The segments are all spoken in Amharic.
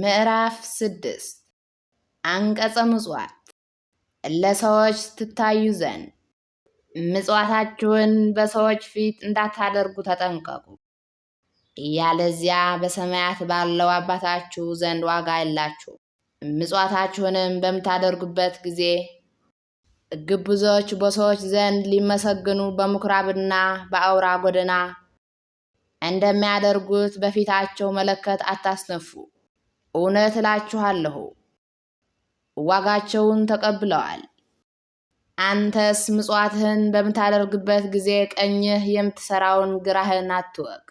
ምዕራፍ ስድስት አንቀጸ ምጽዋት ለሰዎች ትታዩ ዘንድ ምጽዋታችሁን በሰዎች ፊት እንዳታደርጉ ተጠንቀቁ፣ ያለዚያ በሰማያት ባለው አባታችሁ ዘንድ ዋጋ የላችሁ። ምጽዋታችሁንም በምታደርጉበት ጊዜ ግብዞች በሰዎች ዘንድ ሊመሰግኑ በምኩራብና በአውራ ጎደና እንደሚያደርጉት በፊታቸው መለከት አታስነፉ። እውነት እላችኋለሁ ዋጋቸውን ተቀብለዋል። አንተስ ምጽዋትህን በምታደርግበት ጊዜ ቀኝህ የምትሰራውን ግራህን አትወቅ፣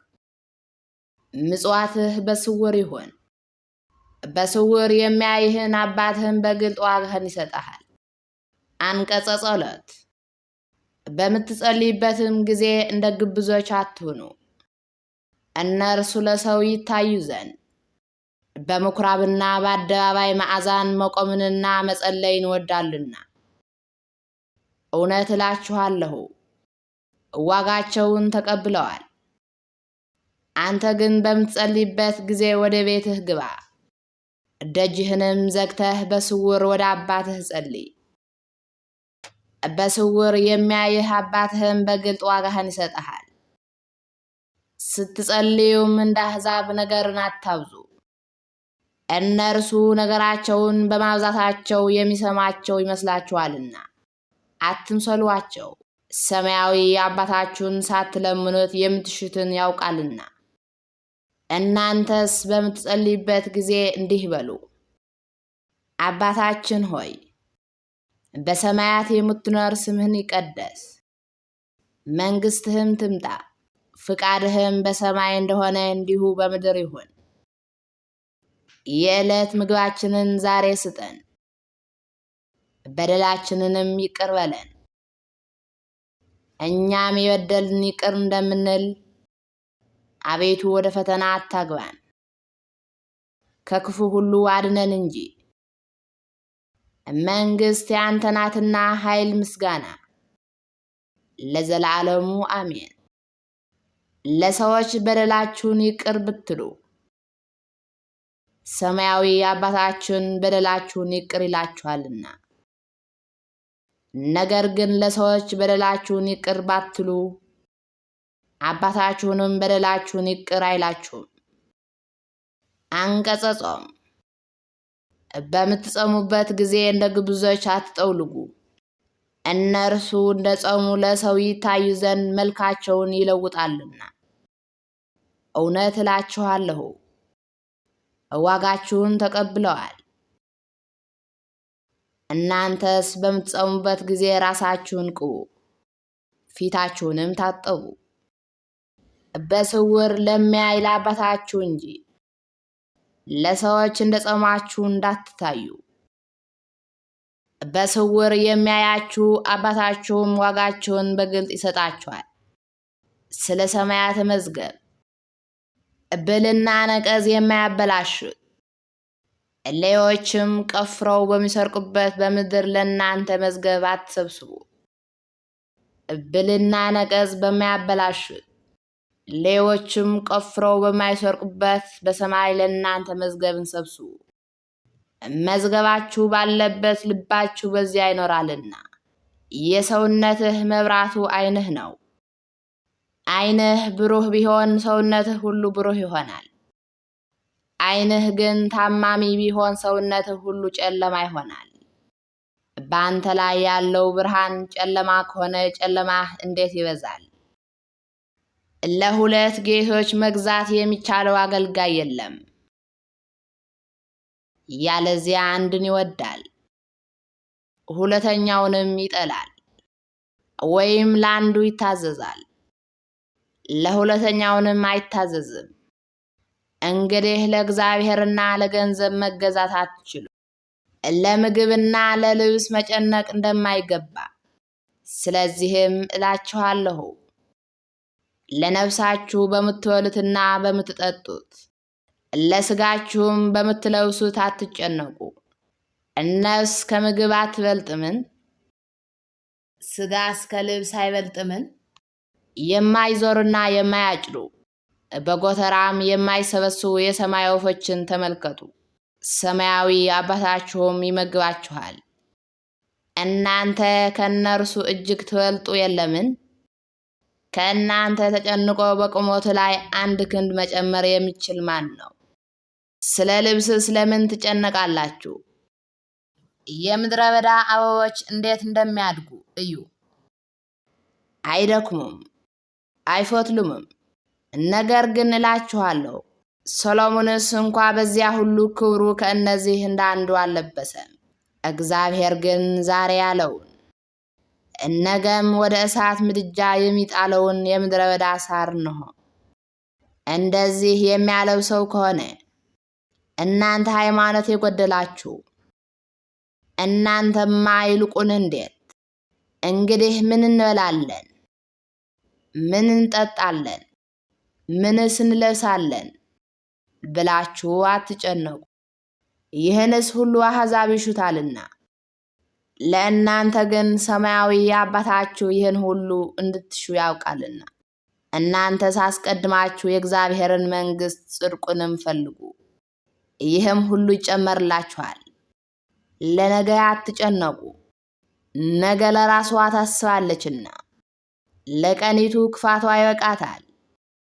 ምጽዋትህ በስውር ይሁን። በስውር የሚያይህን አባትህን በግልጥ ዋጋህን ይሰጠሃል። አንቀጸ ጸሎት። በምትጸልይበትም ጊዜ እንደ ግብዞች አትሁኑ፣ እነርሱ ለሰው ይታዩ ዘንድ በምኩራብና በአደባባይ ማዕዛን መቆምንና መጸለይን ወዳሉና እውነት እላችኋለሁ ዋጋቸውን ተቀብለዋል። አንተ ግን በምትጸልይበት ጊዜ ወደ ቤትህ ግባ፣ ደጅህንም ዘግተህ በስውር ወደ አባትህ ጸልይ። በስውር የሚያይህ አባትህም በግልጥ ዋጋህን ይሰጠሃል። ስትጸልዩም እንደ አሕዛብ ነገርን አታብዙ እነርሱ ነገራቸውን በማብዛታቸው የሚሰማቸው ይመስላችኋልና አትምሰሏቸው። ሰማያዊ አባታችሁን ሳትለምኑት የምትሹትን ያውቃልና። እናንተስ በምትጸልይበት ጊዜ እንዲህ በሉ፣ አባታችን ሆይ በሰማያት የምትኖር ስምህን ይቀደስ፣ መንግሥትህም ትምጣ፣ ፍቃድህም በሰማይ እንደሆነ እንዲሁ በምድር ይሁን የዕለት ምግባችንን ዛሬ ስጠን፣ በደላችንንም ይቅር በለን እኛም የበደልን ይቅር እንደምንል። አቤቱ ወደ ፈተና አታግባን፣ ከክፉ ሁሉ አድነን እንጂ መንግስት ያንተ ናትና ኃይል፣ ምስጋና ለዘላለሙ አሜን። ለሰዎች በደላችሁን ይቅር ብትሉ ሰማያዊ አባታችን በደላችሁን ይቅር ይላችኋልና። ነገር ግን ለሰዎች በደላችሁን ይቅር ባትሉ አባታችሁንም በደላችሁን ይቅር አይላችሁም። አንቀጸ ጾም። በምትጸሙበት ጊዜ እንደ ግብዞች አትጠውልጉ። እነርሱ እንደ ጾሙ ለሰው ይታዩ ዘንድ መልካቸውን ይለውጣልና። እውነት እላችኋለሁ ዋጋችሁን ተቀብለዋል። እናንተስ በምትጸሙበት ጊዜ ራሳችሁን ቅቡ፣ ፊታችሁንም ታጠቡ፣ በስውር ለሚያይ ለአባታችሁ እንጂ ለሰዎች እንደ ጸማችሁ እንዳትታዩ። በስውር የሚያያችሁ አባታችሁም ዋጋችሁን በግልጽ ይሰጣችኋል። ስለ ሰማያት መዝገብ እብልና ነቀዝ የማያበላሹት እሌዎችም ቀፍረው በሚሰርቁበት በምድር ለእናንተ መዝገብ አትሰብስቡ። እብልና ነቀዝ በማያበላሹት ሌዎችም ቆፍረው በማይሰርቁበት በሰማይ ለእናንተ መዝገብን ሰብስቡ። መዝገባችሁ ባለበት ልባችሁ በዚያ ይኖራልና። የሰውነትህ መብራቱ ዓይንህ ነው። ዓይንህ ብሩህ ቢሆን ሰውነትህ ሁሉ ብሩህ ይሆናል። ዓይንህ ግን ታማሚ ቢሆን ሰውነትህ ሁሉ ጨለማ ይሆናል። በአንተ ላይ ያለው ብርሃን ጨለማ ከሆነ ጨለማህ እንዴት ይበዛል? ለሁለት ጌቶች መግዛት የሚቻለው አገልጋይ የለም፣ ያለዚያ አንድን ይወዳል ሁለተኛውንም ይጠላል፣ ወይም ለአንዱ ይታዘዛል ለሁለተኛውንም አይታዘዝም። እንግዲህ ለእግዚአብሔርና ለገንዘብ መገዛት አትችሉ። ለምግብና ለልብስ መጨነቅ እንደማይገባ ስለዚህም እላችኋለሁ ለነፍሳችሁ በምትበሉትና በምትጠጡት ለስጋችሁም በምትለብሱት አትጨነቁ። ነፍስ ከምግብ አትበልጥምን? ስጋ እስከ ልብስ አይበልጥምን? የማይዞርና የማያጭዱ በጎተራም የማይሰበስቡ የሰማይ ወፎችን ተመልከቱ። ሰማያዊ አባታችሁም ይመግባችኋል። እናንተ ከእነርሱ እጅግ ትበልጡ የለምን? ከእናንተ ተጨንቆ በቁመቱ ላይ አንድ ክንድ መጨመር የሚችል ማን ነው? ስለ ልብስ ስለምን ትጨነቃላችሁ? የምድረ በዳ አበቦች እንዴት እንደሚያድጉ እዩ፣ አይደክሙም፣ አይፈትሉምም። ነገር ግን እላችኋለሁ ሰሎሞንስ እንኳ በዚያ ሁሉ ክብሩ ከእነዚህ እንደ አንዱ አልለበሰም። እግዚአብሔር ግን ዛሬ ያለውን እነገም ወደ እሳት ምድጃ የሚጣለውን የምድረ በዳ ሳር እንሆ እንደዚህ የሚያለው ሰው ከሆነ እናንተ ሃይማኖት የጎደላችሁ እናንተማ ይልቁን እንዴት እንግዲህ ምን እንበላለን ምን እንጠጣለን፣ ምንስ እንለብሳለን ብላችሁ አትጨነቁ። ይህንስ ሁሉ አሕዛብ ይሹታልና ለእናንተ ግን ሰማያዊ አባታችሁ ይህን ሁሉ እንድትሹ ያውቃልና። እናንተስ አስቀድማችሁ የእግዚአብሔርን መንግሥት ጽድቁንም ፈልጉ፣ ይህም ሁሉ ይጨመርላችኋል። ለነገ አትጨነቁ፣ ነገ ለራሷ ታስባለችና። ለቀኒቱ ክፋቷ ይበቃታል።